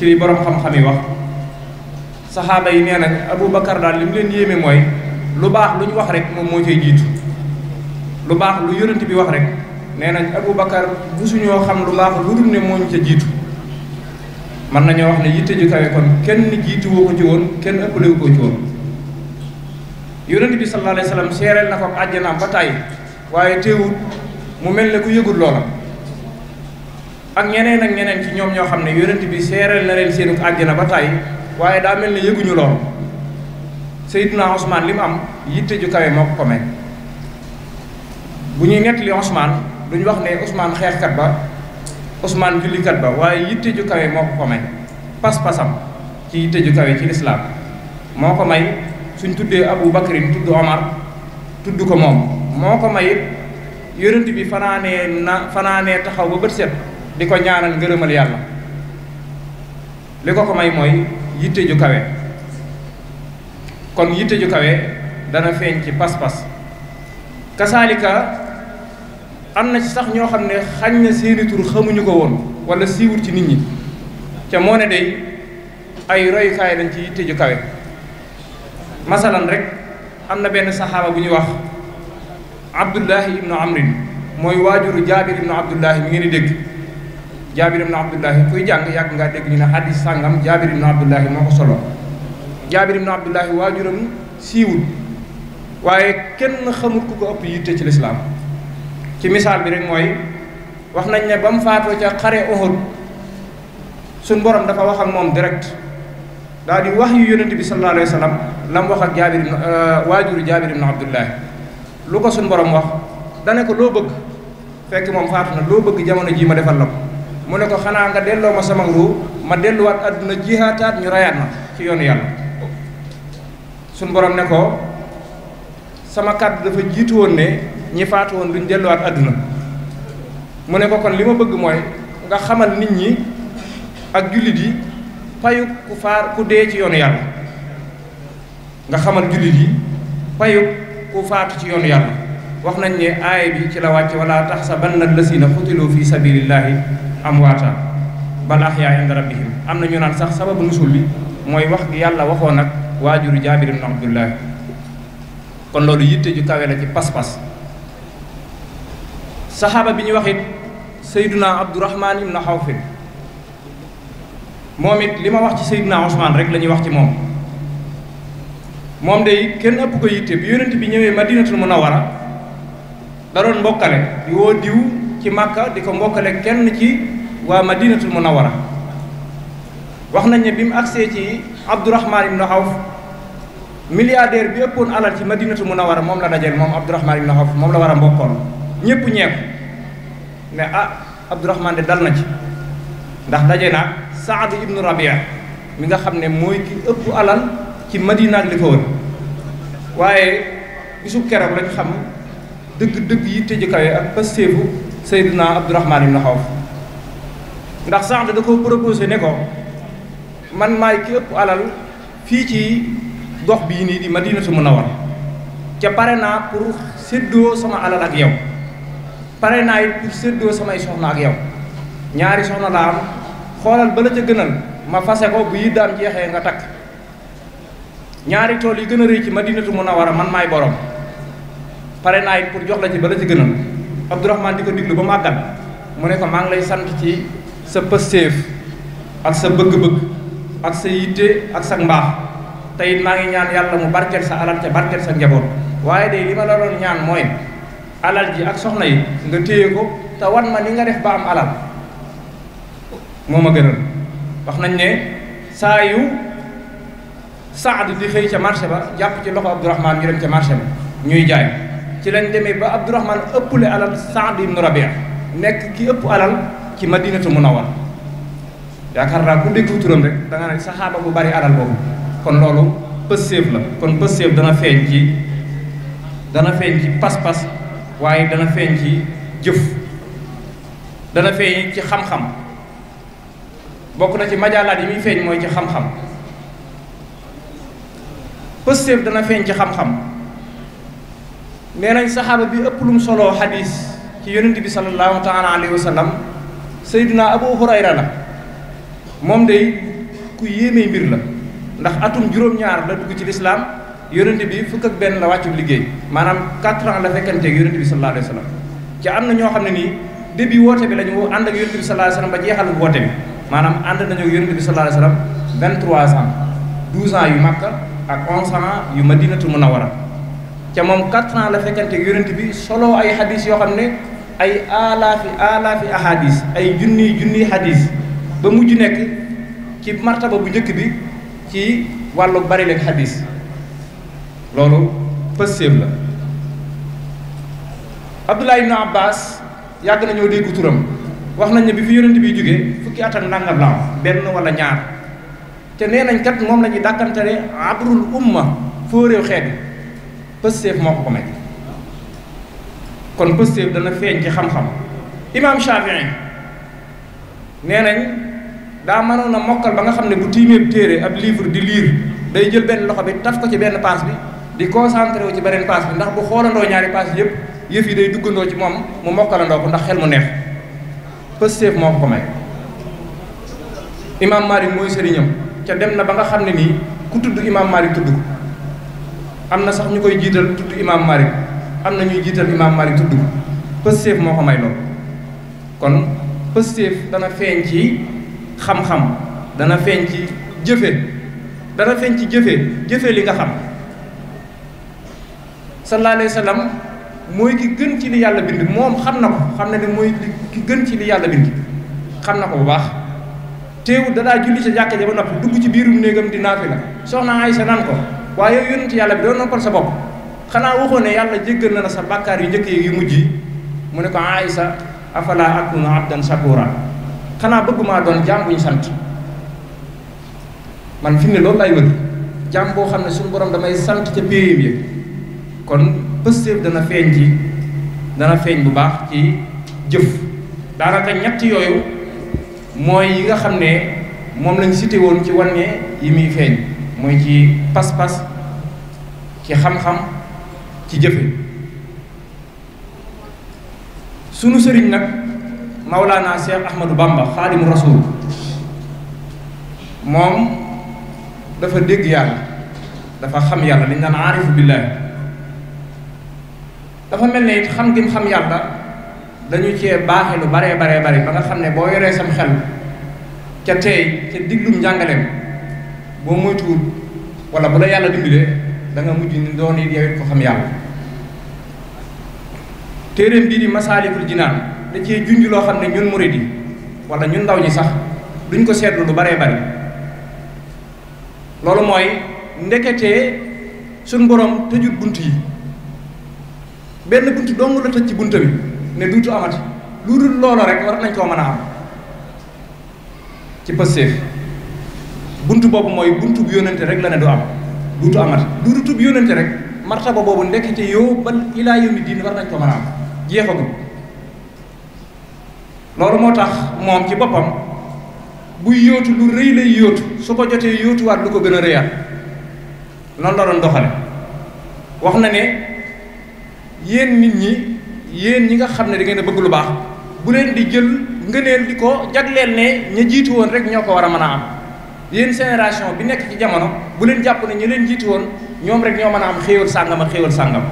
ci li borom xam-xam yi wax saxaaba yi nee nag Abu Bakar daal li mu leen yéeme mooy lu baax lu ñu wax rek moom moo cay jiitu lu baax lu yonent bi wax rek nee nañ Abu Bakar musuñoo xam lu baax lu dul ne moo ñu ca jiitu mën nañoo wax ne yitte ju kawe kon kenn jiituwoo ko ci woon kenn ëppalewu ko ci woon bi sallallahu alayhi wa sallam seereel na ko ba tàyyi waaye teewul mu mel ne ku yëgul loola ak ñeneen ak ñeneen ci ñoom ñoo xam ne yonent bi seeral na leen seenu àjjana ba tàyyi waaye daa mel ne yëguñu lool Seydina Ousmane li mu am yitte ju kawe moo ko ko may bu ñuy nettali wax ne Ousmane xeexkat ba Ousmane jullikat ba waaye yitte ju kawe moo ko ko may pas-pasam ci yitte ju kawe ci lislaam moo ko may suñ tuddee Abu Bakrin tudd Omar tudd ko moom moo ko may yonent bi fanaanee na fanaanee taxaw ba bët li ko ñaanal ngërëmal yàlla li ko ko may mooy yitte ju kawe kon yitte ju kawe dana feeñ ci pas-pas kasaalika am na ci sax ñoo xam ne xañ na seeni xamuñu ko woon wala siiwul ci nit ñi te moo ne day ay royukaay lañ ci yitte ju kawe masalan rek am na benn saxaaba bu ñuy wax abdullahi ibnu amrin mooy waajuru jaabir ibnu abdullahi mi ngeen di dégg jaabir ibn abdullahi kuy jàng yàgg ngaa dégg ñu ne hadis sàngam jaabir ibn abdullahi moo ko solo jaabir ibn abdullahi waajuram siiwul waaye kenn xamul ku ko ëpp yitte ci lislaam ci misaal bi rek mooy wax nañ ne ba mu faatoo ca xare Uhud suñ borom dafa wax ak moom direct daal di wax yu yonente bi sallallahu alayhi la mu wax ak jaabir ibn euh, waajuru jaabir ibn abdullahi lu ko suñ borom wax dane ko loo bëgg fekk moom faatu na loo bëgg jamono jii ma defal la mu ne ko xanaa nga delloo ma sama ruu ma delluwaat àdduna jihaataat ñu rayaat ma ci yoonu yàlla suñ borom ne ko sama kàddu dafa jiitu woon ne ñi faatu woon duñ delluwaat àdduna mu ne ko kon li ma bëgg mooy nga xamal nit ñi ak jullit yi payu ku faar ku dee ci yoonu yàlla nga xamal jullit yi payu ku faatu ci yoonu yàlla wax nañ ne aaya bi ci la wàcc wala tax sa banna lasina xutilu fi sabilillahi amwaata bal ahyaa inda rabbihim am na ñu naan sax sababu nusul bi mooy wax gi yàlla waxoon nag waajuru jaabir ibn abdullahi kon loolu yitte ju kawe ci pas-pas saxaaba bi ñu wax it ibn xawfin moom it wax ci sayduna osmaan rek la wax ci moom moom day kenn ëpp ko yitte bi yonent bi madinatul da doon di ci màkka di ko mbokkale kenn ci waa madinatul munawara wax nañ ne bi mu agsee ci abdourahman ibnu awf milliardaire bi ëppoon alal ci madinatul munawara moom la dajeel moom abdourahman ibnu awf moom la war a mbokkoon ñépp ñeeku ne ah abdourahman de dal na ci ndax daje saadu ibnu rabia mi nga xam ki ëpp alal ci madina ak li ko wër waaye bisub keroog lañ xam dëgg-dëgg yi ak naa Seydina Abdourahman ibn Xawf ndax Saad da ko proposé ne ko man maay ki ëpp alal fii ci gox bii nii di mën a Munawwara ca pare naa pour séddoo sama alal ak yow pare naa it pour séddoo samay soxna ak yow ñaari soxna la am xoolal ba la ca gënal ma fase ko bu yi daan jeexee nga takk ñaari tool yi gën a rëy ci Madinatu Munawwara man maay borom pare naa it pour jox la ci ba la ca gënal Abdourahmane di ko diglu ba mu àggat mu ne ko maa ngi lay sant ci sa pëstéef ak sa bëgg-bëgg ak sa yitte ak sa mbaax te it ngi ñaan yàlla mu barkeel sa alal te barkeel sa njaboot waaye de li ma la doon ñaan mooy alal ji ak soxna yi nga ko ta wan ma ni nga def ba am alal moo gënal wax nañ ne saa yu di xëy ca marché ba jàpp ci loxo ñu dem marché ba ñuy jaay ci lañ demee ba Abdourahman ëppule alal Saad ibn Rabia nekk ki ëpp alal ci madinatu munawwar yaakaar naa ku dégg turam rek da nga ne saxaaba bu bari alal boobu kon loolu pësséef la kon pësséef dana feeñ ci dana feeñ ci pas waaye dana feeñ ci jëf dana ci xam-xam bokk na ci majaalaat yi muy feeñ mooy ci xam-xam pësséef dana feeñ ci xam-xam nee nañ saxaaba bi ëpp lum soloo xadis ci yonent bi salallahu taala alayhi sayidina abu hurayra la moom day ku mbir la ndax atum juróom-ñaar la dugg ci lislaam yonent bi fukk ak benn la wàccu liggéey maanaam 4 ans la fekkanteeg yonent bi salallahu alayhi sallam ci am na ñoo xam ne nii début bi lañu ànd ak yonent bi salallahu alayhi wa sallam ba jeexal woote bi maanaam ànd nañu ak yonent bi salallahu alayhi 23 ans 12 ans yu makka ak 11 ans yu madinatul ca moom quatre ans la fekkante yonent bi solo ay hadis yoo xam ne ay alafi alafi ahadis ay juni juni hadis ba mujj nekk ci martaba bu njëkk bi ci wàllu bari lek hadis loolu possible la Abdullah ibn Abbas yàgg nañoo dégg turam wax nañ ne bi fi yonent bi jógee fukki at ak nangam la benn wala ñaar te nee kat moom la ñuy abrul umma foo réew Pastef moo ko ko may kon Pastef dana feeñ ci xam-xam imaam Shafii nee nañ daa mënoon na mokkal ba nga xam ne bu tiimeeb téere ab livre di liir day jël benn loxo bi taf ko ci benn paas bi di concentré wu ci beneen paas bi ndax bu xoolandoo ñaari paas yëpp yëf yi day duggandoo ci moom mu mokkalandoo ko ndax xel mu neex Pastef moo ko ko may imaam Maalik mooy sëriñam ca dem na ba nga xam ne nii ku tudd imaam Maalik tudd ko am na sax ñu koy jiital tudd imaam mari am na ñuy jiital imaam Malik tudd pëstéef moo ko may loolu kon pëstéef dana feeñ ci xam-xam dana feeñ ci jëfe dana feeñ ci jëfe jëfe li nga xam sallallahu alayhi wa mooy ki gën ci li yàlla bind moom xam na ko xam ne mooy ki gën ci li yàlla bind xam na ko bu baax teewul danaa julli sa jàkka ja ba noppi dugg ci biirum néegam di naafi la soxna Aysa nan ko waaye yow yonent yàlla bi doon noppal sa bopp xanaa waxoo ne yàlla jéggal na na sa bàkkaar yu njëkk yi yu mujj yi mu ne ko Aïssa afala akunu abdan shakura xanaa bëgg maa doon jaam bu ñu sant man fi ne loolu lay wër jaam boo xam ne suñu borom damay sant ca périm yi kon pëstéef dana feeñ ci dana feeñ bu baax ci jëf daanaka ñett yooyu mooy yi nga xam ne moom lañ site woon ci wane yi muy feeñ muy ci pas-pas ci xam-xam ci jëfe sunu sëriñ nag Maulana Cheikh Ahmadou Bamba xaadimu rasul moom dafa dégg yàlla dafa xam yàlla li ñu naan aarifu billaahi dafa mel ne it xam gim xam yàlla dañu cee baaxe lu baree baree bare ba nga xam ne boo yoree sam xel ca tey ca diglum njàngaleem boo moytuwul wala bu la yàlla dimbalee da nga mujj ni doon it yow ko xam yàlla téeréem bii di masaalikul jinaan da cee junj loo xam ne ñun murid yi wala ñun ndaw ñi sax duñ ko seetlu lu baree bari loolu mooy ndeketee suñ borom tëjut bunt yi benn bunt dong la tëj ci bunt bi ne duutu amati lu dul loola rek war nañ koo mën a am ci pëstéef bunt boobu mooy buntu bu yónnante rek la ne du am duutu amat duutu bu yónnante rek martaba boobu ndekkite yoo ba ilaa yawmi diin war nañ ko mën a am jeexagul loolu moo tax moom ci boppam buy yóotu lu rëy lay yóotu su ko jotee yóotuwaat lu ko gën a rëyaat loolu la doon doxale wax na ne yéen nit ñi yéen ñi nga xam ne da ngeen bëgg lu baax bu leen di jël ngëneel di ko jagleel ne ña jiitu woon rek ñoo ko war a mën a am yéen génération bi nekk ci jamono bu leen jàpp ne ñu leen jiitu woon ñoom rek ñoo mën a am xéewal sàngam ak xéewal sàngam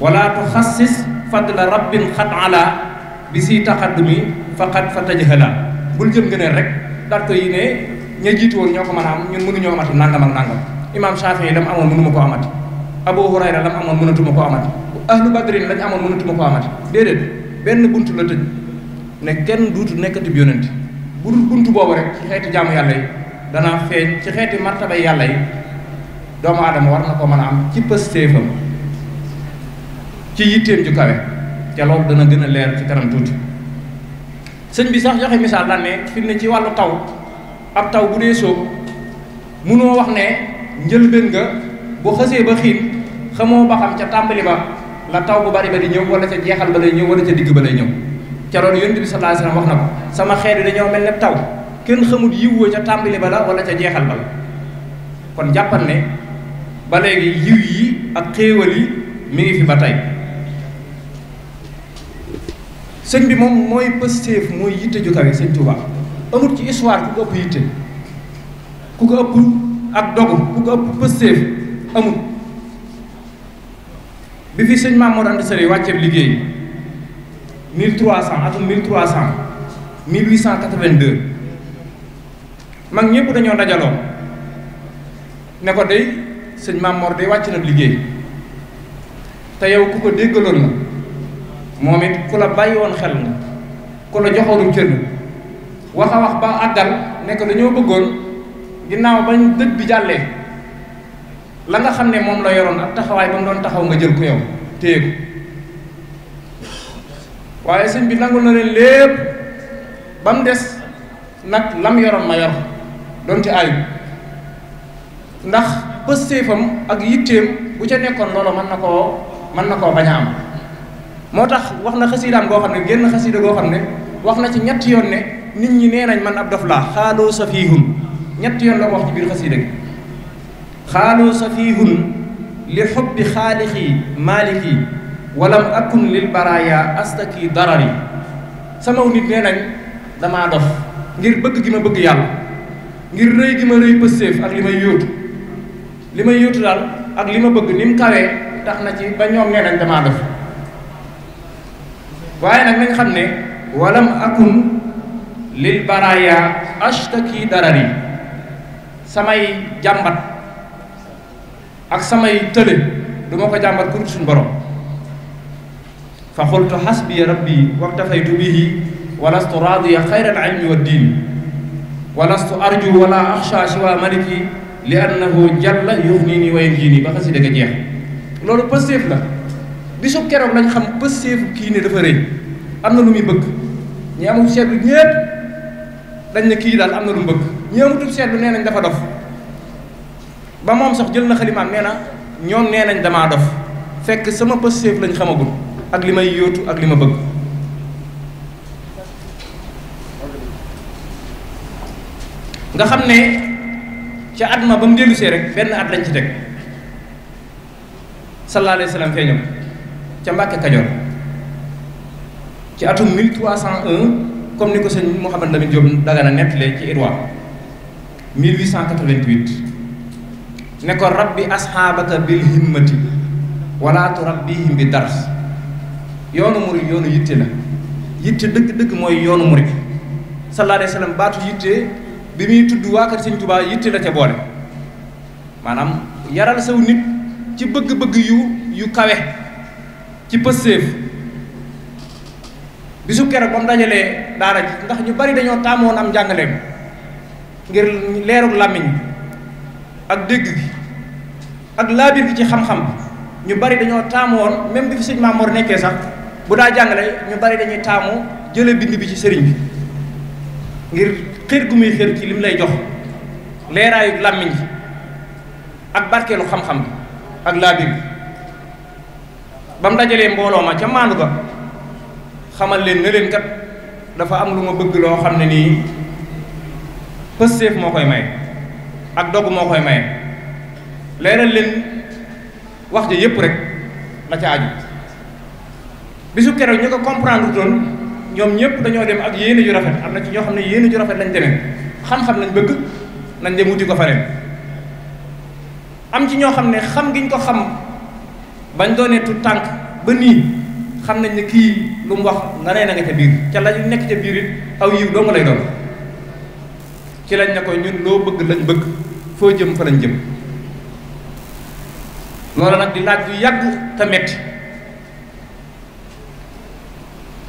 wala tuxassis fadla rabbin xat ala bi si taqaddumi faqat fa taj tajhala bul jëm gëneel rek dart yi ne ña jiitu woon ñoo ko mën a am ñun mënuñoo amati nangam ak nangam imaam Shafii lam amoon mënuma ko amati Abu Hurayra lam amoon mënatuma ko amati ahlu badrin lañ amoon mënatuma ko amati déedéet benn buntu la tëj ne kenn duutu nekkati yonent bu dul buntu boobu rek ci xeeti jaamu yàlla yi dana feeñ ci xeeti martabay yàlla yi doomu aadama war na ko mën a am ci pëstéefam ci yitteem ju kawe te loolu dana gën a leer ci kanam tuuti sëñ bi sax joxe misaal daan ne fi mu ci wàllu taw ab taw bu dee sóob munoo wax ne njëlbéen nga bu xësee ba xiin xamoo ba xam ca tàmbali ba la taw bu bari ba di ñëw wala ca jeexal ba lay ñëw wala ca digg ba lay ñëw ca loolu yonent bi sallallahu alayhi wasallam wax na ko sama xeet yi dañoo mel ne taw kenn xamul yiw wa ca tàmbali ba la wala ca jeexal ba la kon jàppal ne ba léegi yiw yi ak xéewal yi mi ngi fi ba tey sëñ bi moom mooy pëstéef mooy yitte ju kawe sëñ Tuubaa amul ci histoire ku ko ëpp yitte ku ko ëpp ak dogu ku ko ëpp pëstéef amul bi fi sëñ Maam Mor Anta Sali wàcceeb liggéey cent 1300 atum 1300 1882 mag ñëpp dañoo dajaloo ne ko day sëñ Maam Mor day wàcc na liggéey te yow ku ko déggaloon na moom it ku la bàyyi woon xel nga ku la joxoonu cër wax a wax ba àggal nekk ko dañoo bëggoon ginnaaw bañ dëj bi jàllee la nga xam ne moom la yoroon ak taxawaay ba mu doon taxaw nga jël ko yow téye ko waaye sëñ bi nangu na leen lépp ba mu des nag lam yorom ma yor donte ayib ndax pëstéefam ak yitteem bu ca nekkoon loola mën na koo mën na koo bañ a am moo tax wax na xasiidaam goo xam ne génn xasiida goo xam ne wax na ci ñetti yoon ne nit ñi nee nañ man ab dof laa xaaloo sa fiihun ñetti yoon la ko wax ci biir xasiida gi xaaloo sa fiihun li xubbi xaalixi maaliki walam akun lil baraaya astaki darari sama nit nee dama damaa dof ngir bëgg gi ma bëgg yàlla ngir rëy gi ma rëy pëstéef ak li may yóotu li may yóotu daal ak li ma bëgg ni mu kawee tax na ci ba ñoom nee nañ damaa dof waaye nag nañ xam ne walam akun lil baraaya astaki darari samay jàmbat ak samay tële du ko jàmbat ku suñ borom فقلت حسبي ربي واكتفيت به ولست راضي خير العلم والدين ولست ارجو ولا اخشى سوى ملكي لانه جل يغنيني وينجيني بخسي دك جيخ لولو بسيف لا دي سو كيرم لا خم بسيف كي ني دافا ري امنا لومي بك ني امو سيد نييب دا ني كي دال امنا لوم بك ني امو توب سيد نينا دافا دوف با موم سخ جيل نا خليمام نينا نيوم نينا دما دوف فك سما بسيف لا خمغول ak li may yóotu ak li ma bëgg nga xam ne ca at ma ba mu dellusee rek benn at lañ ci teg sallallahu alayhi wa sallam feeñam ca Mbàkke Kajoor ci atum 1301 comme ni ko sëñ Mouhamed Lamine Diop Dagana nettalee ci Irwa 1888 ne ko rabbi asxaabaka bil himmati walaatu rabbihim bi dars yoonu murid yoonu yitte la yitte dëgg-dëgg mooy yoonu murid sallallahu alayhi baatu yitte bi muy tudd waa kër Sëñ Tuubaa yitte la ca boole maanaam yaral saw nit ci bëgg-bëgg yu yu kawe ci pësséef bisu keroog ba mu dajalee daara ji ndax ñu bari dañoo taamoon am njàngaleem ngir leerug làmmiñ ak dégg gi ak laabir gi ci xam-xam ñu bari dañoo taamoon même bi fi sëñ Maamoor nekkee sax bu daa jàngale ñu bari dañuy taamu jële bind bi ci sëriñ bi ngir xër gu muy xër ci lim lay jox leeraayu làmmiñ ji ak barkeelu xam-xam bi ak laabir bi ba mu dajalee mbooloo ma ca maandu ga xamal leen ne leen kat dafa am lu ma bëgg loo xam ne nii pëstéef moo koy maye ak dogg moo koy maye leeral leen wax ja yépp rek la ca aju bisu keroog ñu ko comprendre doon ñoom ñëpp dañoo dem ak yéene ju rafet am na ci ñoo xam ne yéene ju rafet lañ demee xam-xam lañ bëgg nañ dem wuti ko fa am ci ñoo xam ne xam gi ko xam bañ doonee tu tànk ba nii xam nañ ni kii lu mu wax nga nee na ca biir ca lañu nekk ca biir it aw yiw doo nga lay doon ci lañ ne ko ñun loo bëgg lañ bëgg foo jëm fa lañ jëm loolu nag di laaj yu yàgg te metti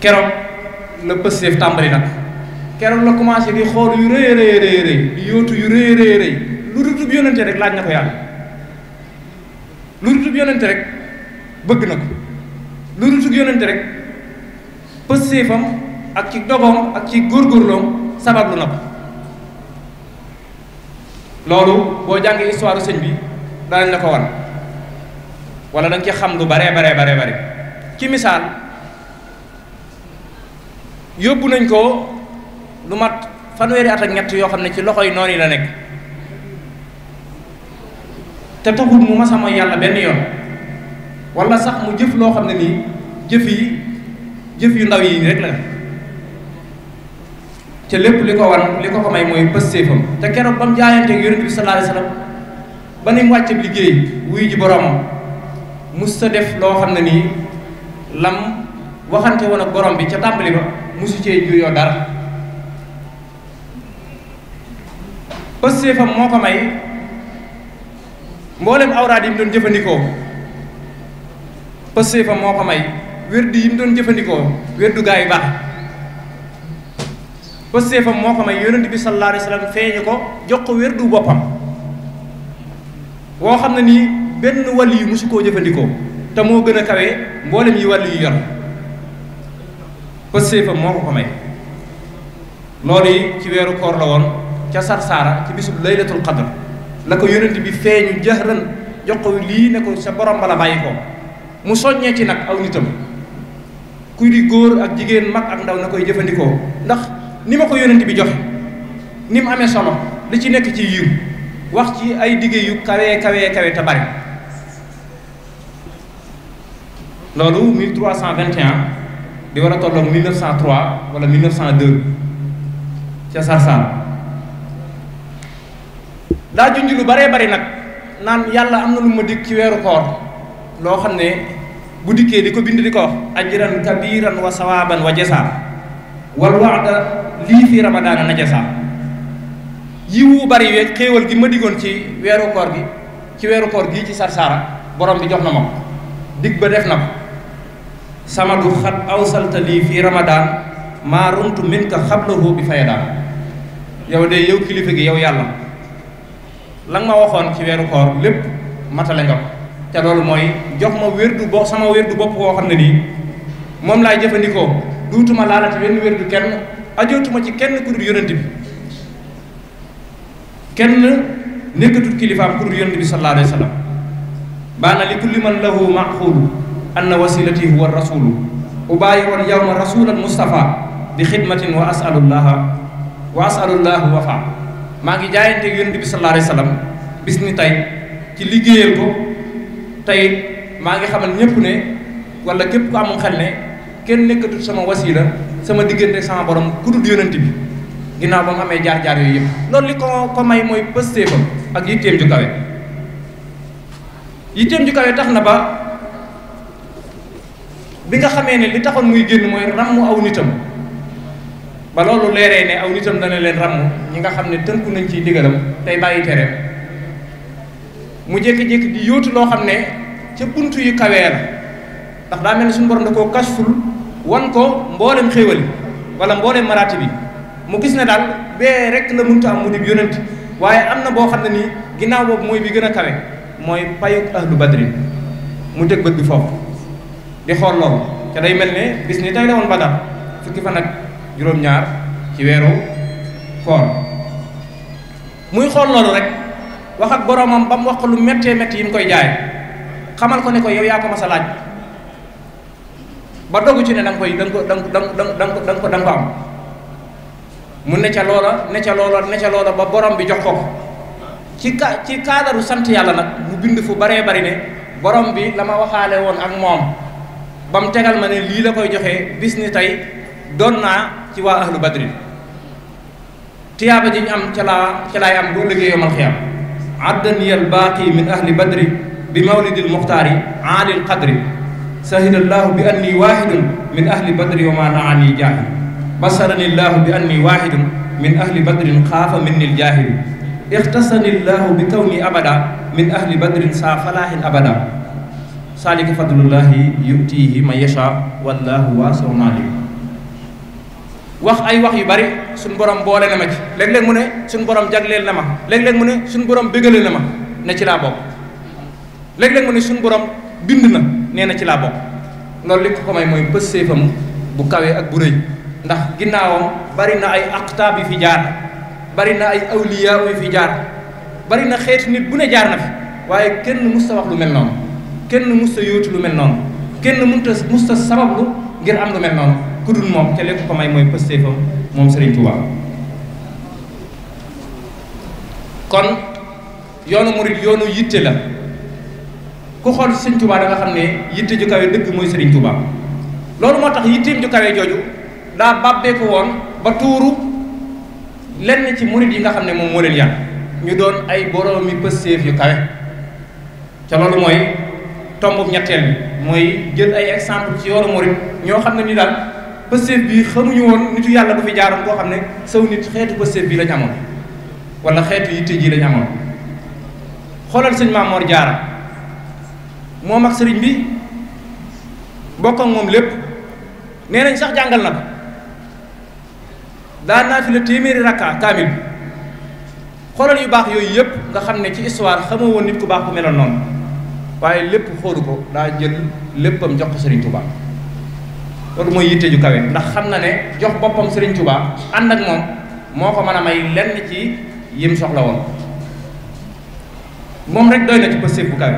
keroog la Pastef tàmbali nag keroog la commencé di xool yu rëy rëy rëy rëy di yóotu yu rëy rëy rëy lu dutub yónnante rek laaj na ko yàlla lu dutub yónnante rek bëgg na ko lu dutub rek Pastefam ak ci dogoom ak ci góorgóorloom sabablu na ko loolu boo jàngee histoire sëñ bi danañ na ko wan wala da nga ci xam lu baree baree baree bare ci misaal yóbbu nañ ko lu mat fanweeri at ak ñett yoo xam ne ci loxo yi noonu yi la nekk te taxul mu masa mooy yàlla benn yoon wala sax mu jëf loo xam ne nii jëf yi jëf yu ndaw yi rek la te lépp li ko wan li ko ko may mooy pëstéefam te keroog ba mu jaayanteeg yonent bi sallallahu alayhi wasallam ba ni mu liggéey wuy ji boroomam mus sa def loo xam ne nii lam waxante woon ak borom bi ca tàmbali ba musu cee juyoo dara pëstéefam moo ko may mboolem awraad yi mu doon jëfandikoo pëstéefam moo ko may wérdu yi mu doon jëfandikoo wérdu gaa yu baax fam moo ko may yonent bi sallallahu alayhi wa sallam ko jox ko wérdu boppam woo xam ne nii benn wàll yu musu koo jëfandikoo te moo gën a kawe mboolem yi wàll yu yor pëstéefam moo ko ko may loolu yi ci weeru koor la woon ca sarsaara ci bisub laylatul qadr la ko yonent bi feeñu jëxran jox ko lii ne ko sa borom bala bàyyi ko mu soññee ci nag aw nitam ku di góor ak jigéen mag ak ndaw na koy jëfandikoo ndax ni ma ko yonent bi joxe ni mu amee solo li ci nekk ci yiw wax ci ay dige yu kawee kawee kawe te bari loolu 1321 di war a tolloog 1903 wala 1902 ca Sarsara daa junj lu baree bari nag naan yàlla am na lu ma dikk ci weeru koor loo xam ne bu dikkee di ko bind di ko wax ajran kabiran wa sawaaban wa jasaa wal waada lii fi ramadaana na jasaa yiwu bari we xéewal gi ma diggoon ci weeru koor gi ci weeru koor gi ci Sarsara borom bi jox na ma dig ba def na ko samadu xat awsalta lii fii ramadaan maa rumtu min ka xablahu bi fay fayadaan yow de yow kilifa gi yow yàlla la nga ma waxoon ci weeru koor lépp matale nga ko te mooy jox ma wérdu bo sama wérdu bopp koo xam ne nii moom laay jëfandikoo duutuma laalati wenn wérdu kenn ajootuma ci kenn ku dul yonent bi kenn nekkatul kilifaam ku dul yonent bi sallallahu alayhi wa sallam baana li kulli man lahu maxuulu anna wasilati huwa rasulu ubaayi'ul yawma rasulan mustafa bi xidmatin wa asalullaha wa asalullahu wafa maa ngi jaayante yonent bi sallallahu alayhi bis ni tey ci liggéeyal ko maa ngi xamal ñépp ne wala képp ku amul xel ne kenn nekkatul sama wasila sama diggante sama borom ku dul yonent bi ginnaaw ba mu amee jaar-jaar yooyu yëpp loolu li ko ko may mooy pëstéefam ak yitteem ju kawe yitteem ju kawe tax na ba bi nga xamee ne li taxoon muy génn mooy ràmm aw nitam ba loolu leeree ne aw nitam dana leen ràmm ñi nga xam ne tënku nañ ciy digalam tey bàyyi tereem mu jékki-jékki di yóotu loo xam ne ca buntu yu kawee la ndax daa mel ne suñu borom da koo kasful wan ko mboolem xéewali wala mboolem maraati bi mu gis ne daal bee rek la mënta am mu di yonent waaye am na boo xam ne nii ginnaaw boobu mooy bi gën a kawe mooy payuk ahlu badri mu teg bët bi foofu di xool loolu te day mel ne bis ni tey la woon Badar fukki fan ak juróom-ñaar ci weeru koor muy xool loolu rek wax ak boroomam ba mu wax ko lu méttee métti yi mu koy jaay xamal ko ne ko yow yaa ko mas laaj ba dogu ci ne da nga koy da nga ko da ko da ko da nga ko am mu ne ca loola ne ca loola ne ca loola ba borom bi jox ko ci ka ci kaadaru sant yàlla nag mu bind fu baree bari ne borom bi la ma waxaale woon ak moom. bam tegal mané li la koy joxé bis ni tay donna ci wa ahlu badr tiyaba ji am ci la ci lay am boo liggé yomal xiyaam adan yal baqi min ahli badr bi mawlid al muhtari ali al qadri sahid allah bi anni wahid min ahli badr wa ma naani jaahil basarani allah bi anni wahid min ahli badrin xaafa minni ljaahilu ixtasani allahu bi kawni abada min ahli badrin saa falaahin saalika fadlullahi yutihi man yasha wallahu waasiun alim wax ay wax yu bari suñ borom boole na ma ci léeg-léeg mu ne suñ borom jagleel na ma léeg-léeg mu ne suñ borom bégalee na ma ne ci laa bokk léeg-léeg mu ne suñ borom bind na nee na ci laa bokk loolu li ko ko may mooy pës séefam bu kawee ak bu rëy ndax ginnaawam bari na ay aqtaab yu fi jaar bari na ay awliyaa yu fi jaar bari na xeeti nit bu ne jaar na fi waaye kenn musta wax lu mel kenn musta yóotu lu mel noonu kenn munta musta sabablu ngir am lu mel noonu ku dul moom ca lépp ko may mooy pëstéefam moom Serigne Touba kon yoonu murid yoonu yitte la ku xool Serigne Touba da xam ne yitte ju kawe dëgg mooy Serigne Touba loolu moo tax yitteem ju kawe jooju daa bàbbeeku woon ba tuuru lenn ci murid yi nga xam ne moom moo leen yar ñu doon ay boroomi pëstéef yu kawe ca loolu mooy tomb ñetteel bi mooy jël ay exemple ci yoonu murit ñoo xam ne ni daal pëstéef bi xamuñu woon nitu yàlla bu fi jaaroon koo xam ne saw nit xeetu pëstéef bi lañ amoon wala xeetu yitte ji lañ amoon xoolal sëñ Maamoor Jaara moom ak sëriñ bi bokk moom lépp nee nañ sax jàngal na ko naa fi la téeméeri rakka kaamil bi xoolal yu baax yooyu yëpp nga xam ne ci histoire xamoo woon nit ku baax ku meloon noonu waaye lépp xóoru ko daa jël léppam jox ko Serigne Touba loolu mooy yitte ju kawe ndax xam na ne jox boppam Serigne Touba ànd ak moom moo ko man a may lenn ci yim soxla woon moom rek doy na ci pëstéef bu kawe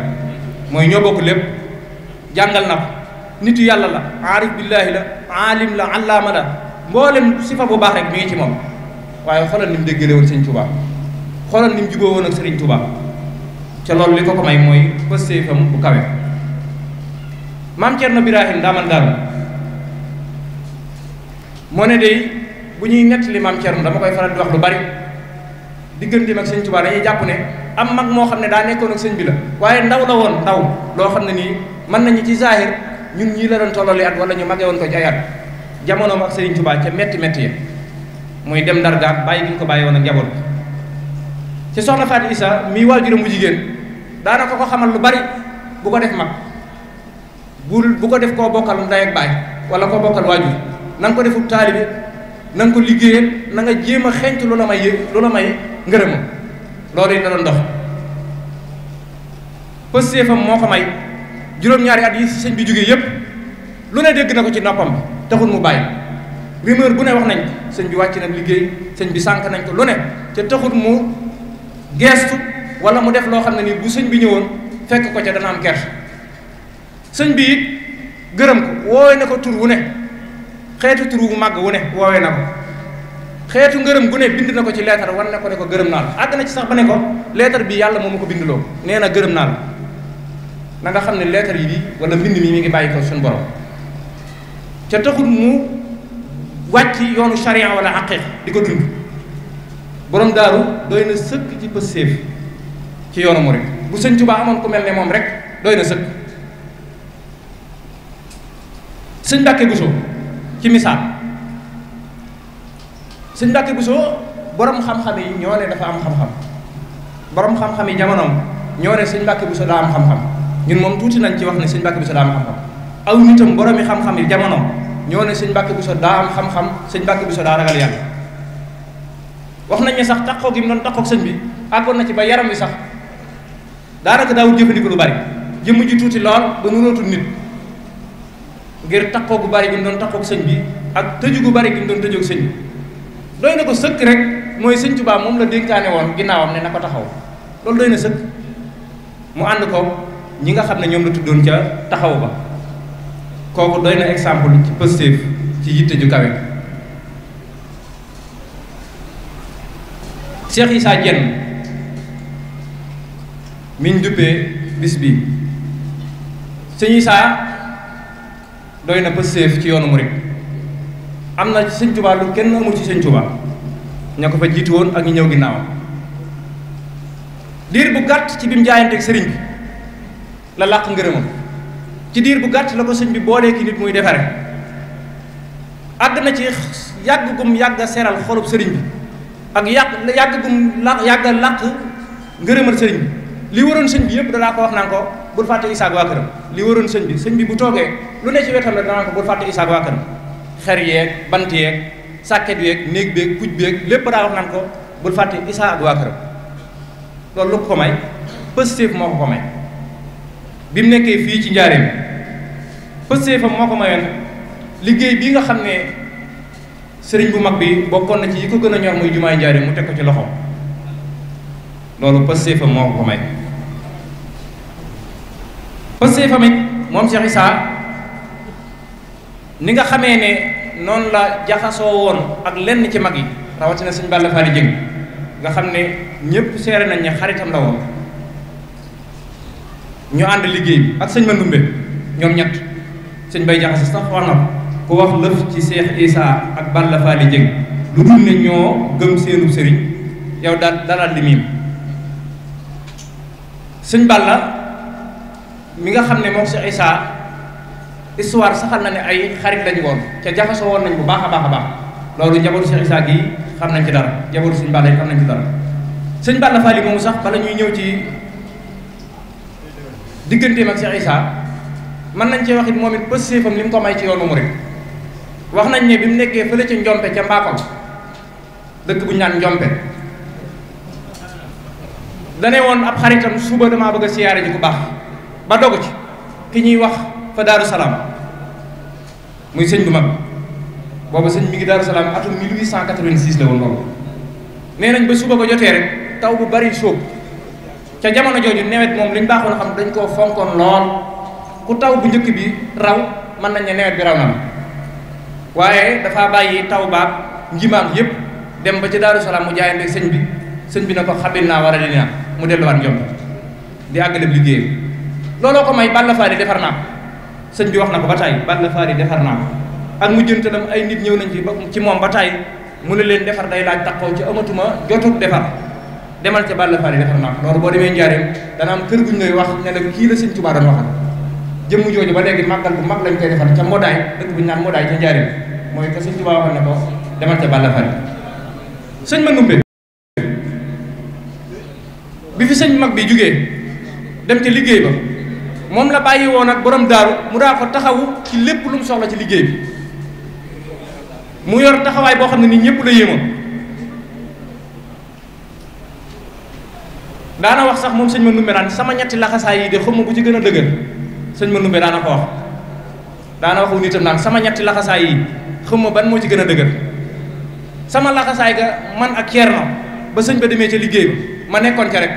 mooy ñoo bokk lépp jàngal na ko nitu yàlla la aarif billaahi la aalim la allaama la mboolem sifa bu baax rek mi ngi ci moom waaye xoolal ni mu déggale woon Serigne Touba xoolal ni mu juboo woon ak Serigne Touba. ca loolu li ko ko may mooy pëstéefam bu kawe maam na Birahim daaman daal moo ne day bu ñuy li maam mu dama koy faral di wax lu bari digganteem ak sëñ Tuubaa dañuy jàpp ne am mag moo xam ne daa nekkoon ak sëñ bi la waaye ndaw la woon ndaw loo xam ne nii mën nañu ci zahir ñun ñii la doon tollalee at wala ñu mage woon ko ci ay at jamonoom ak sëriñ Tuubaa ca metti metti ya muy dem ndar gaab bàyyi gi ñu ko bàyyi woon ak njaboot ci soxna daanaka ko xamal lu bari bu ko def mag bul bu ko def koo bokkal ndey ak baay wala koo bokkal waajur na ko deful taalibe na nga ko liggéeyee na nga jéem a xeeñtu lu la may yëg lu la may ngërëmam loolu it da doon dox pëstéefam moo ko may juróom-ñaari at yi sëñ bi jógee yépp lu ne dégg na ko ci noppam bi taxul mu bàyyi rumeur bu ne wax nañ ko sëñ bi wàcc na liggéey sëñ bi sànq nañ ko lu ne te taxul mu geestu wala mu def loo xam ne nii bu sëñ bi ñëwoon fekk ko ca dana am gerte sëñ bi it gërëm ko woowee na ko tur wu ne xeetu tur wu màgg wu ne woowee na ko xeetu ngërëm bu ne bind na ko ci leetar war na ko ne ko gërëm naa la àgg na ci sax ba ne ko leetar bi yàlla moom ma ko bindloo nee na gërëm naa la na nga xam ne leetar yi bi wala mbind mi mi ngi bàyyi ko suñu borom ca taxul mu wàcc yoonu charia wala aqiq di ko dund borom daaru doy na sëkk ci ci yoonu murid bu sëñ Tuubaa amoon ku mel ne moom rek doy na sëkk sëñ Mbàkke Buso ci misaal sëñ Mbàkke Buso boroom xam-xam yi ñoo ne dafa am xam-xam borom xam-xam yi jamonoom ñoo ne sëñ Mbàkke Buso daa am xam-xam ñun moom tuuti nañ ci wax ne sëñ Mbàkke Buso daa am xam-xam aw nitam boromi yi jamonoom ñoo ne sëñ Mbàkke Buso daa am xam sëñ Mbàkke Buso daa ragal yàlla wax nañ ne sax taxaw gi mu doon taxaw sëñ bi àggoon na ci ba yaram wi sax. daanaka daawul jëfandiku lu bari jëmm ji tuuti lool ba mënootul nit ngir takkoo gu bari gi mu doon takkoog sëñ bi ak tëju gu bari gi mu doon tëjoog sëñ bi doy na ko sëkk rek mooy sëñ Tuubaa moom la dénkaane woon ginnaawam ne na ko taxaw loolu doy na sëkk mu ànd ko ñi nga xam ne ñoom la tuddoon ca taxaw ba kooku doy na exemple ci positif ci yitte ju kawe Cheikh Issa Dieng miñ duppee bis bi sëñ Isaa doy na pëseef ci yoonu murit am na ci sëñ Tuubaa lu kenn amul ci sëñ Tuubaa ña ko fa jiitu woon ak ñu ñëw ginnaawam diir bu gàtt ci bi mu sëriñ bi la làq ngërëmam ci diir bu gàtt la ko sëñ bi boolee ki nit muy defare àgg na ci yàgg gum yàgg a seral xolub sëriñ bi ak yàq yàgg gum làq yàgg a làq ngërëmal sëriñ bi li waroon sëñ bi yëpp danaa ko wax naan ko bul fàtte isaak waa këram li waroon sëñ bi sëñ bi bu toogee lu ne ci wetam la danaa ko bul fàtte isaak waa këram xer yeeg bant yeeg sàkket yeeg néeg beeg puj beeg lépp daa wax naan ko bul fàtte isaak waa këram loolu lu ko may positif moo ko ko may bi mu nekkee fii ci njaareem positif am moo ko mayoon liggéey bii nga xam ne sëriñ bu mag bi bokkoon na ci yi ko gën a ñor muy jumaay njaareem mu teg ci loxoom loolu pëstéefa moo ko may pëstéefam it moom Cheikh Issa ni nga xamee ne noonu la jaxasoo woon ak lenn ci mag yi rawatina sëñ Balla Fally Dieng nga xam ne ñëpp seere nañ ne xaritam la woon ñu ànd liggéey bi ak sëñ Mandoumbe ñoom ñett sëñ Bay Jaxase sax wax na ko ku wax lëf ci Cheikh Issa ak Balla Fally Dieng lu dul ne ñoo gëm seenub sëriñ yow daal dalal di miim sëñ Balla mi nga xam ne moom si Isaa histoire saxal na ne ay xarit lañu woon ca jaxasoo woon nañ bu baax a baax a baax loolu isa gi xam nañ ci dara jabaru sëñ Balla yi xam nañ ci dara sëñ Balla Fally moomu sax bala ñuy ñëw ci digganteem ak Cheikh Issa mën nañ cee wax it moom it pës séefam li mu ko may ci yoonu murid wax nañ ne bi mu nekkee fële ca ca Mbaakol dëkk bu ñu naan dane woon ab xaritam suba damaa bëgg a siyaare ji ku baax ba dogu ci ki ñuy wax fa daaru salaam muy sëñ bu mag boobu sëñ mi ngi atum 1886 la woon loolu nee nañ ba suba ko jotee rek taw bu bari sóob ca jamono jooju nawet moom liñ baaxoon xam dañ koo fonkoon lool ku taw bu njëkk bi raw mën nañ ne bi raw na ma dafa bàyyi taw baab njimaam yépp dem ba ci mu bi bi mu delluwaat njom di àggaleb liggéeyam looloo ko may Balla Fally defar naa sëñ bi wax na ko ba tàyyi Balla Fally defar naa ko ak mu jëntalam ay nit ñëw nañ ci ci moom ba tàyyi mu ne leen defar day laaj taxaw ci amatuma jotut defar demal ca Balla Fally defar naa ko loolu boo demee njaareem danaam am kër guñ lay wax ne la kii la sëñ Tuubaa doon waxal jëmm ñu ba léegi màggal bu mag lañ koy defar ca Modaay dëkk bu ñu naan Modaay ca njaareem mooy que sëñ Tuubaa waxal ne ko demal ca Balla Fally sëñ ma bi fi sëñ mag bi jógee dem ca liggéey ba moom la bàyyi woon ak borom daaru mu daa ko taxawu ci lépp lu mu soxla ci liggéey bi mu yor taxawaay boo xam ne nii ñëpp la yéemoon daana wax sax moom sëñ ma numbe daan sama ñetti laxasaay yi de xaw ci gën a dëgër sëñ ma numbe daana ko wax daana waxu nitam naan sama ñetti laxasaay yi xam ma ban moo ci gën a dëgër sama laxasaay ga man ak Ceerno ba sëñ ba demee ca liggéey ba ma nekkoon ca rek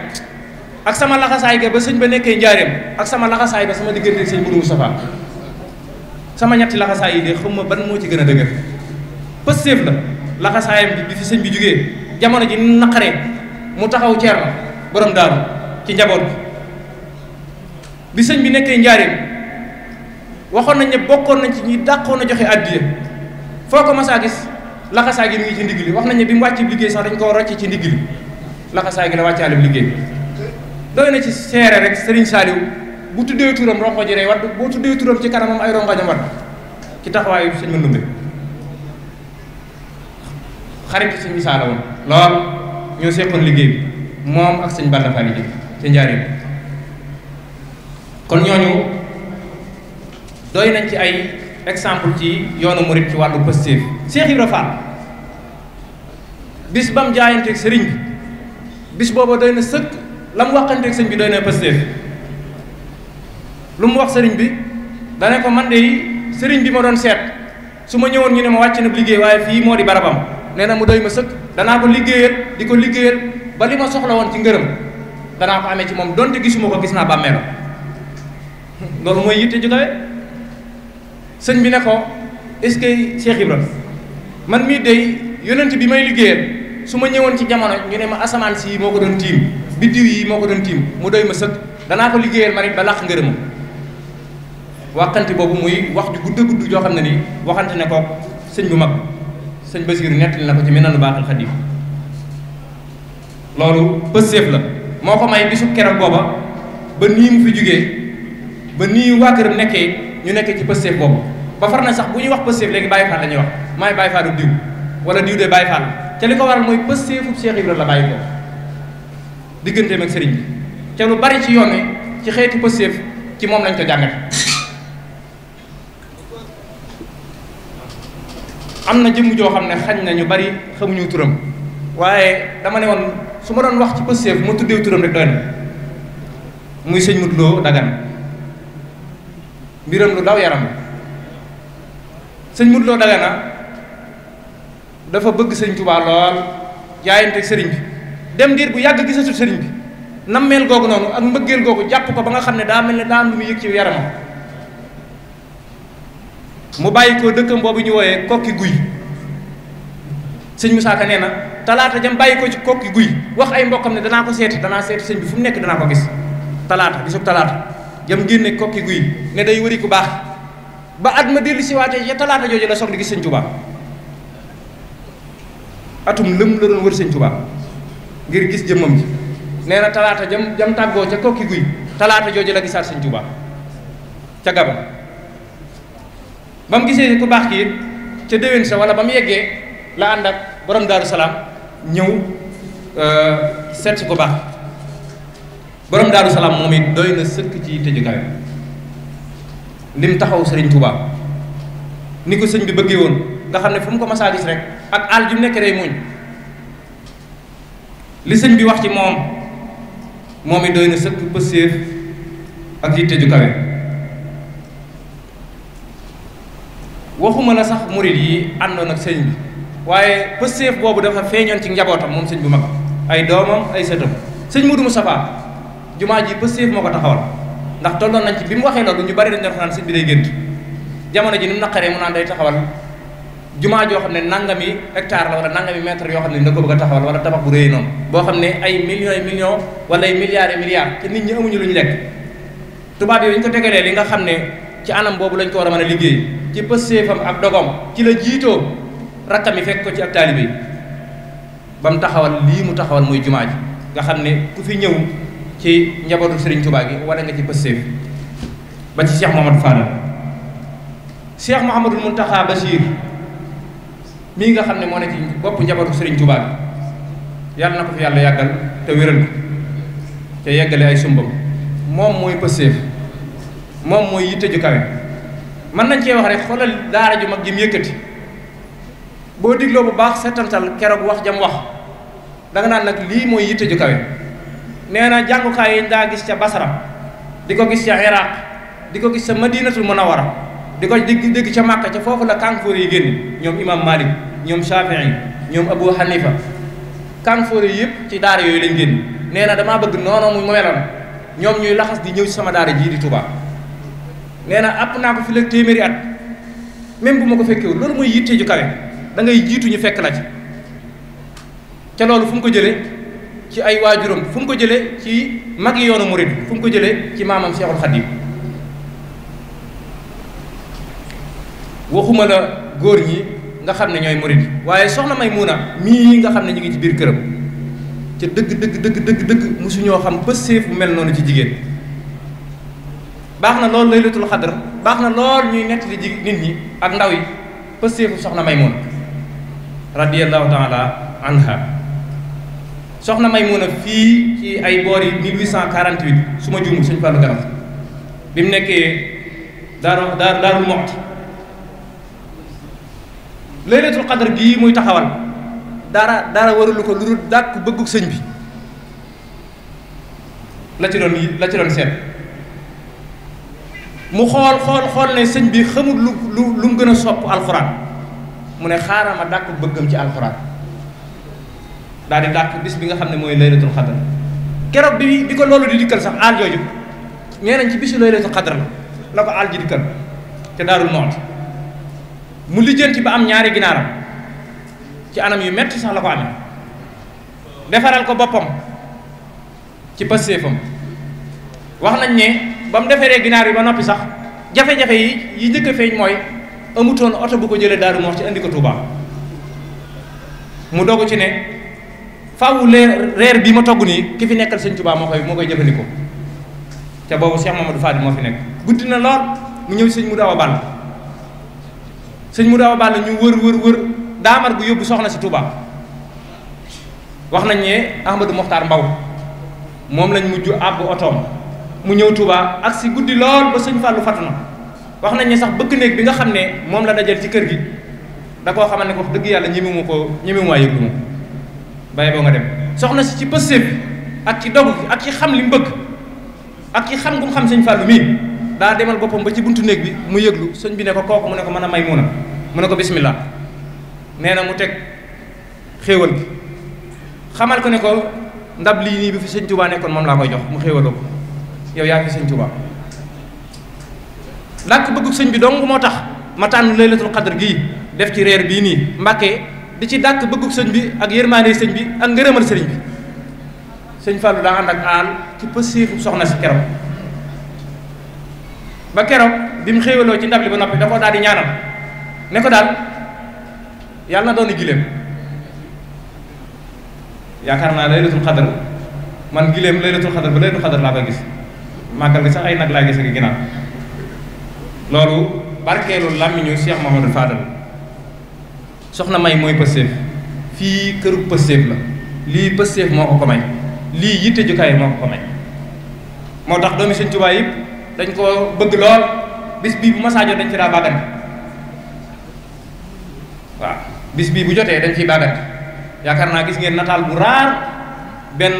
ak sama laxasaay ba sëñ ba nekkee njaareem ak sama laxasaay ba sama diggante sëñ Mourou Moustapha sama ñetti laxasaay yi de xam ma ban moo ci gën a dëgër pëstéef la laxasaayam bi bi fi sëñ bi jógee jamono ji naqaree mu taxaw Ceerno borom daaru ci njaboot bi bi sëñ bi nekkee njaareem waxoon nañ ne bokkoon nañ ci ñuy dàqoon a joxe àddiya foo ko mas a gis laxasaay gi mi ngi ci ndigg li wax nañ ne bi mu wàcc liggéey sax dañ koo rocc ci ndigg li laxasaay gi la wàccaale bi liggéey doy na ci seere rek Serigne Saliou bu tuddee turam ronko ji day wadd boo tuddee turam ci kanamam ay ronko jam wadd ci taxawaayu sëñ Mandoumbe xarit sëñ Issa la lool ñoo seqoon liggéey bi ak sëñ Balla Fally ji ci njaariñ kon ñooñu doy nañ ci ay exemple ci yoonu murit ci wàllu positif Cheikh Ibra bis bam jaayanteeg sëriñ bi bis booba doy na sëkk la mu waxanteeg sëñ bi doy na Pastef lu mu wax sëriñ bi dana ko man de sëriñ bi ma doon seet su ma ñëwoon ñu ne ma wàcc na liggéey waaye fii moo di barabam nee na mu doy ma sëkk danaa ko liggéeyal di ko liggéeyal ba li ma soxla woon ci ngërëm danaa ko amee ci moom donte gisuma ko gis naa bàmmeelam loolu mooy yitte ju sëñ bi ne ko est-ce que Cheikh man mii de yonent bi may liggéeyal su ma ñëwoon ci jamono ñu ne ma asamaan si moo ko doon tiim biddiw yi moo ko doon tiim mu doy ma sëkk danaa ko liggéeyal ma nit ba làq ngërëmam waxante boobu muy wax ju gudd gudd joo xam ne nii waxante ne kook sëñ bu mag sëñ Basiiru nettali na ko ci Minanu Baaxil Xadiim loolu pësséef la moo ko may bisu keroog booba ba nii mu fi jugee ba nii waa këram nekkee ñu nekkee ci pësséef boobu ba far na sax bu ñuy wax pësséef léegi Baay Faal la ñuy wax maay Baay Faalu wala diw de Baay ca li ko waral mooy pësteefub Cheikh yi la la bàyyi ko digganteem ak sëriñ bi ca lu bari ci yoon wi ci xeeti pësteef ci moom lañ ko jàngate am na jëmm joo xam ne xañ na ñu bari xamuñu turam waaye dama ne woon su ma doon wax ci pësteef ma tuddee turam rek doy muy sëñ Modou Lo Dagana mbiram lu daw yaram la sëñ Modou Lo Dagana dafa bëgg sëñ Tuubaa lool jaayante sëriñ bi dem diir bu yàgg gisatul sëriñ bi nammeel googu noonu ak mbëggeel googu jàpp ko ba nga xam ne daa mel ne daa am lu yëg ci yaramam mu bàyyi koo dëkkam boobu ñu wooyee kokki guy sëñ Moussa Ka nee na talaata jam bàyyi ko ci kokki guy wax ay mbokkam ne danaa ko seeti danaa seeti sëñ bi fu mu nekk danaa ko gis talaata bisub talaata jam génne kokki guy ne day wëri ku baax ba at ma dellu si waatee ya talaata jooju la soog di gis atum lëm la doon wër sëñ Tuubaa ngir gis jëmmam ji nee na talaata jam jam tàggoo ca kokki guy talaata jooju la gisaat sëñ Tuubaa ca gabam ba mu gisee ku baax ki it ca déwén sa wala ba mu yeggee la ànd ak borom daaru salaam ñëw euh, seet si ku baax borom daaru salaam moom it doy na sëkk ci tëju kawe lim taxaw sëriñ Tuubaa ni ko sëñ bi bëggee woon nga xam fum fu mu ko mas gis rek ak àll ju nekk day muñ li sëñ bi wax ci moom moom it doy na sëkk pëseef ak yitte ju kawe waxuma la sax murit yi àndoon ak sëñ bi waaye pëseef boobu dafa feeñoon ci njabootam moom sëñ bu mag ay doomam ay sëtam sëñ Mudu Mustafa jumaa ji pëseef moo ko taxawal ndax tolloon nañ ci bi mu waxee loolu ñu bari dañ doon xanaan bi day gént jamono ji ni mu mu naan day taxawal jumaa joo xam ne nangami hectare la wala nangami mètre yoo xam ne da ko bëgg a taxawal wala tabax bu réy noonu boo xam ne ay millions yi millions wala ay milliards yi milliards te nit ñi amuñu lu ñu lekk tubaab yooyu ñu ko tegalee li nga xam ne ci anam boobu lañ ko war a mën a liggéey ci pësseefam ak dogom ci la jiitoo rakkam yi fekk ko ci ak taalibe ba mu taxawal lii mu taxawal muy jumaa ji nga xam ku fi ñëw ci njabootu Serigne Touba gi wala nga ci pësseef ba ci Cheikh Mouhamadou Fadal Cheikh Mouhamadou Mountakha Bachir mii nga xam ne moo ne ci bopp njabootu sëriñ Tuubaa bi yàlla na ko fi yàlla yàggal te wéral ko te yeggale ay sumbam moom mooy pëseef moom mooy yitte ju kawe mën nañ cee wax rek xoolal daara ju mag ji mu yëkkati boo digloo bu baax setantal keroog wax jam wax da nga naan nag lii mooy yitte ju kawe nee na jàngukaay yi gis di ko gis ca iraq di ko gis ca madinatul munawara di ko dégg dégg ca màkka la kànkuur yi génn imam malik ñoom Shafii ñoom Abu Hanifa kanfoore yëpp ci daar yooyu lañ génn nee na damaa bëgg noonu mu meloon ñoom ñuy laxas di ñëw si sama daara jii di Touba nee na àpp naa ko fi la téeméeri at même bu ma ko fekkewul loolu mooy yitte ju kawe dangay jiitu ñu fekk la ci ca loolu fu mu ko jëlee ci ay waajuram fu mu ko jëlee ci mag yi yoonu murid fu mu ko jële ci maamam Cheikhul Khadim waxuma la góor ñi nga xam ne ñooy murid waaye soxna Maymuna mii nga xam ne ñu ngi ci biir këram ca dëgg dëgg dëgg dëgg dëgg mosu ñoo xam ba séef bu mel noonu ci jigéen baax na lool laylatul xadar baax na lool ñuy nettali ji nit ñi ak ndaw yi ba séefu soxna Maymuna radiyallahu taala anha soxna Maymuna fii ci ay boor yi 1848 su ma juumu suñ fàllu garab bi mu nekkee daaru daal daaru moxti laylatul qadr bii muy taxawal dara dara waralu ko lu dul dàkk bëggug sëñ bi la ci doon la ci doon seet mu xool xool xool ne sëñ bi xamul lu lu lu mu gën a sopp alxuraan mu ne xaaral ma dàkk bëggam ci alxuraan daal di dàkk bis bi nga xam ne mooy laylatul qadr keroog bi bi ko loolu di dikkal sax aal jooju nee ci bisi laylatul qadr la la ko aal ji dikkal te daarul moot mu lijjanti ba am ñaari ginaaram ci anam yu metti sax la ko amee defaral ko boppam ci pastéefam wax nañ ne ba mu defaree ginaar yi ba noppi sax jafe-jafe yi yi njëkk feeñ mooy amutoon oto bu ko jëlee Daaru Muxti indi ko Touba mu dogu ci ne fawu leer reer bi ma togg nii ki fi nekkal sëñ Touba moo koy moo koy jëfandikoo te boobu Cheikh Mamadou Fadi moo fi nekk guddi na lool mu ñëw sëñ mu daw a sëñ mu daaw bàll ñu wër wër wër daamar gu yóbbu soxna si Touba wax nañ ne Ahmadou Mokhtar Mbaw moom lañ mujj àbb otoom mu ñëw Touba ak si guddi lool ba sëñ Fallou fatu na wax nañ ne sax bëkk néeg bi nga xam ne moom la dajal ci kër gi da koo xamal ne ko dëgg yàlla ñeme mu ko ñeme mu yëg mu bàyyi boo nga dem soxna si ci pëstéef ak ci dogu ak ci xam li mu bëgg ak ci xam gu xam sëñ Fallou mii Dari demal boppam ba ci buntu néeg bi mu yëglu sëñ bi ne ko kooku mu ne ko mën a may muuna mu ne ko bismillah nee na mu teg xéewal bi xamal ko ne ko ndab lii nii bi fi sëñ Tuubaa nekkoon moom laa koy jox mu xéewaloo yow yaa fi sëñ Tuubaa làkk bëggu sëñ bi dong tax ma tànn laylatul qadr gii def ci reer di ci bi ak bi ak bi soxna ba keroog bi mu xéewaloo ci ndab li ba noppi da daal di ñaanal ne ko daal yàlla na doon giléem yaakaar naa laylatul xadar man giléem laylatul xadar ba laylatul xadar laa koy gis màggal gi sax ay nag laa gis ak ginnaaw loolu barkeelu làmmiñu Cheikh Mouhamadou Fadal soxna may mooy pëstéef fii këru pëstéef la lii pëstéef moo ko ko lii yitte jukaay moo ko ko moo tax doomi Sëñ Tuubaa yëpp dañ koo bëgg lool bis bii bu masaa dañ ci daa bi waaw bis bii bu jotee dañ ciy bàggante yaakaar naa gis ngeen nataal bu raar benn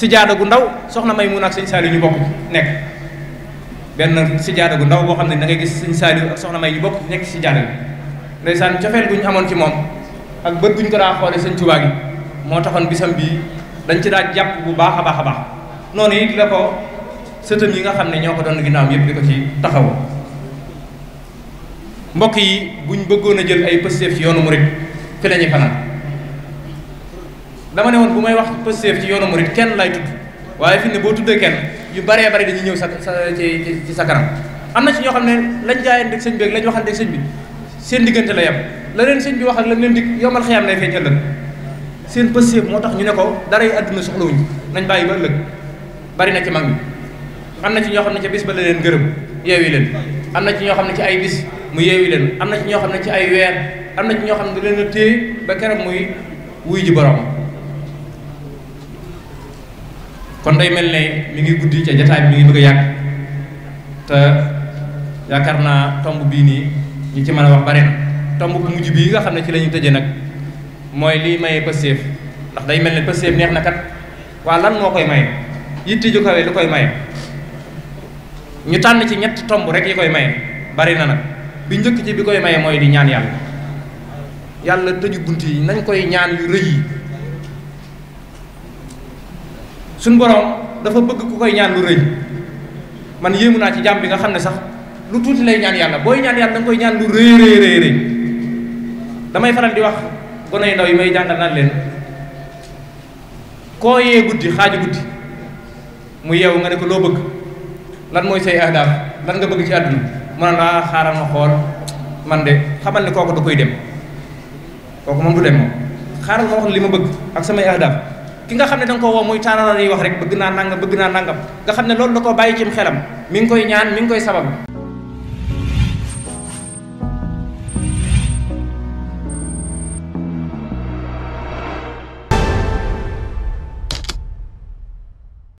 sijaada gu ndaw soxna may mun ak sañ Saaliw ñu bokk nekk benn sijaada gu ndaw boo xam ne da gis sëñ Saaliw soxna may ñu bokk nekk sijaada bi ndeysaan cofeel gu ñu amoon ci moom ak bët gu ñu ko daa xoole sëñ Tuubaa gi moo taxoon bisam bii dañ ci daa jàpp bu baax a baax a baax noonu it la ko sëtam yi nga xam ne ñoo ko doon ginnaawam yëpp di ko ci taxaw mbokk yi buñ bëggoon a jël ay pësteef ci yoonu murit fi la ñuy fanaan dama ne woon bu may wax pësteef ci yoonu murit kenn lay tudd waaye fi ne boo tuddee kenn yu baree bare dañuy ñëw sa sa ci ci sa kanam am na ci ñoo xam ne lañ jaayante ak sëñ bi ak lañ waxante ak sëñ bi seen diggante la yem la leen sëñ bi wax ak la leen di dig yomal xiyam lay feeñ ëllëg seen pësteef moo tax ñu ne ko dara yu àdduna soxlawuñ bàyyi ba ëllëg bari na ci mag ñi am na ci ñoo xam ne ca bis ba la leen gërëm yeewi leen am na ci ñoo xam ne ci ay bis mu yeewi leen am na ci ñoo xam ne ci ay weer am na ci ñoo xam ne da leen a téye ba keroog muy wuy ji borom kon day mel ne mi ngi guddi ca jataay bi mi ngi bëgg a te yaakaar naa tomb bii nii ñi ci mën a wax bare na tomb bu mujj bii nga xam ne ci lañuy ñuy tëjee nag mooy liy maye Pastef ndax day mel ne Pastef neex na kat waa lan moo koy may yitti ju kawe lu koy maye ñu tànn ci ñetti tomb rek yi koy maye bari na nag bi njëkk ci bi koy maye mooy di ñaan yàlla yàlla tëju bunt yi nañ koy ñaan yu rëy yi suñ borom dafa bëgg ku koy ñaan lu rëy man yéemu naa ci jàmm bi nga xam ne sax lu tuuti lay ñaan yàlla booy ñaan yàlla da nga koy ñaan lu rëy rëy rëy rëy damay faral di wax gone yu ndaw yi may jàngal naan leen koo yee guddi xaaju guddi mu yew nga ne ko loo bëgg lan mooy say ahdaaf lan nga bëgg ci àdduna mu ne laa ah, xaaral ma xool man de xamal ne kooku da koy dem kooku moom du dem moom xaaral ma wax li ma bëgg ak samay ahdaaf ki nga xam ne da nga ko woo muy taaralal yi wax rek bëgg naa nangam bëgg naa nangam nga xam ne loolu da koo bàyyi cim xelam mi ngi koy ñaan mi ngi koy sabab